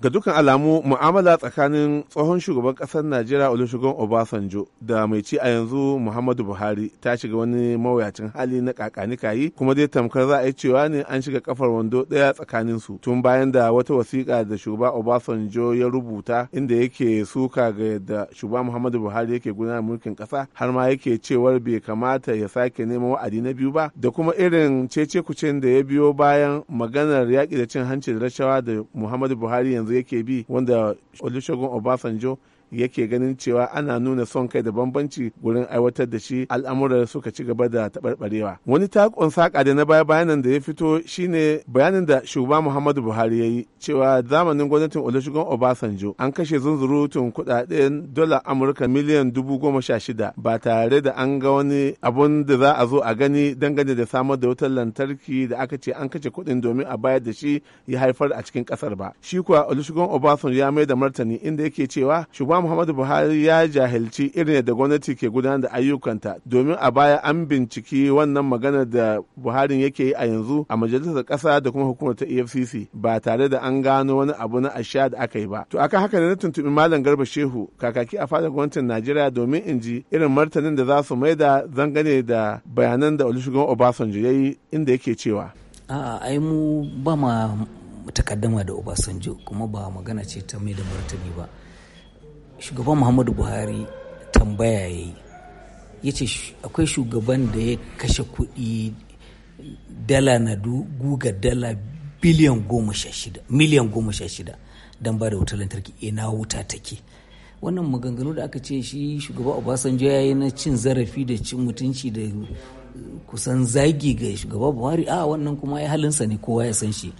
ga dukkan alamu mu'amala tsakanin tsohon shugaban ƙasar najeriya olusegun obasanjo da mai ci a yanzu muhammadu buhari ta shiga wani mawuyacin hali na kakanikayi kuma dai tamkar za a yi cewa ne an shiga kafar wando ɗaya tsakanin su tun bayan da wata wasiƙa da shugaba obasanjo ya rubuta inda yake suka ga yadda shugaba muhammadu buhari yake gudanar mulkin ƙasa har ma yake cewar bai kamata ya sake neman wa'adi na biyu ba da kuma irin cece kucin da ya biyo bayan maganar yaƙi da cin hanci da rashawa da muhammadu buhari yanzu yanzu yake bi wanda Olusegun Obasanjo yake ganin cewa ana nuna son kai da bambanci wurin aiwatar da shi al'amuran suka ci gaba da taɓarɓarewa wani takon saƙa da na baya bayanan da ya fito shine bayanin da shugaba muhammadu buhari ya yi cewa zamanin gwamnatin olusegun obasanjo an kashe zunzurutun kuɗaɗen dola amurka miliyan dubu goma sha shida ba tare da an ga wani abun da za a zo a gani dangane da samar da wutar lantarki da aka ce an kashe kuɗin domin a bayar da shi ya haifar a cikin ƙasar ba shi kuwa olusegun obasanjo ya mai da martani inda yake cewa shugaba muhammadu buhari ya jahilci irin da gwamnati ke gudanar da ayyukanta domin a baya an binciki wannan magana da buhari yake yi a yanzu a majalisar ƙasa da kuma hukumar ta efcc ba tare da an gano wani abu na asha da aka yi ba to aka haka ne na tuntuɓi malam garba shehu kakaki a fadar gwamnatin najeriya domin in ji irin martanin da za su da zangane da bayanan da Olusegun obasanjo ya inda yake cewa a'a ai mu ba ma takaddama da obasanjo kuma ba magana ce ta mai da martani ba shugaban muhammadu buhari tambaya ya yi ya ce akwai shugaban da ya kashe kuɗi dala na guga dala miliyan goma sha shida don ba da wutar lantarki ina wuta take wannan maganganu da aka ce shi shugaba obasanjo ya yi na cin zarafi da cin mutunci da kusan zagi ga shugaban buhari a wannan kuma ya halinsa ne kowa ya san shi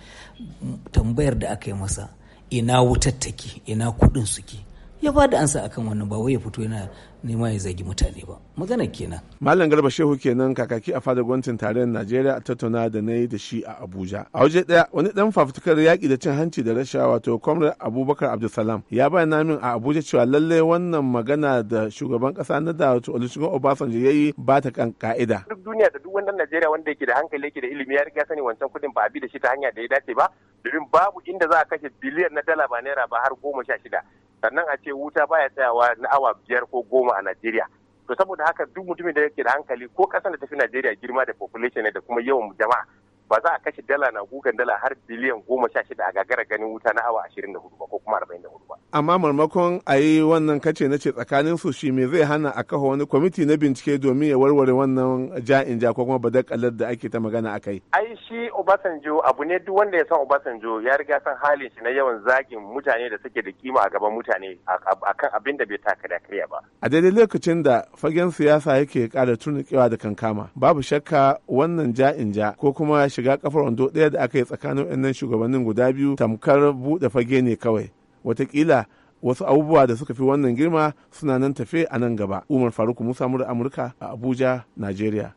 tambayar da aka yi masa ina wutar take ina kudin suke ya ba da ansa akan wannan ba wai ya fito yana nema ya zagi mutane ba magana kenan malam garba shehu kenan kakaki a fadar gwamnatin tarayyar najeriya a tattauna da na yi da shi a abuja a waje daya wani dan fafutukar yaƙi da cin hanci da rashawa wato comrade abubakar abdulsalam ya bayyana min a abuja cewa lalle wannan magana da shugaban kasa na da wato olusegun obasanjo ya yi ba ta kan ka'ida duk duniya da duk wannan najeriya wanda yake da hankali yake da ilimi ya riga sani wancan kuɗin ba a bi da shi ta hanya da ya dace ba domin babu inda za a kashe biliyan na dala ba naira ba har goma sha shida sannan a ce wuta baya tsayawa na awa biyar ko goma a Najeriya to saboda haka duk mutumin da yake da hankali ko ƙasar da tafi Najeriya girma da population ne da kuma yawan jama'a ba za a kashe dala na gugan dala har biliyan goma sha shida a gagara ganin wuta na awa ashirin da hudu ba ko kuma arba'in da hudu ba. Amma marmakon a yi wannan kace na ce tsakanin su shi me zai hana a kafa wani kwamiti na bincike domin ya warware wannan ja'in ja ko kuma badakalar da ake ta magana a kai. Ai shi Obasanjo abu ne duk wanda ya san Obasanjo ya riga san halin shi na yawan zagin mutane da suke da kima a gaban mutane akan abin da bai taka da karya ba. A daidai lokacin da fagen siyasa yake kara tunikewa da kankama babu shakka wannan ja'in ja ko kuma shiga kafar wando ɗaya da aka yi tsakanin wannan shugabannin guda biyu tamkar buɗe fage ne kawai watakila wasu abubuwa da suka fi wannan girma suna nan tafe a nan gaba umar faruk musa mura amurka a abuja najeriya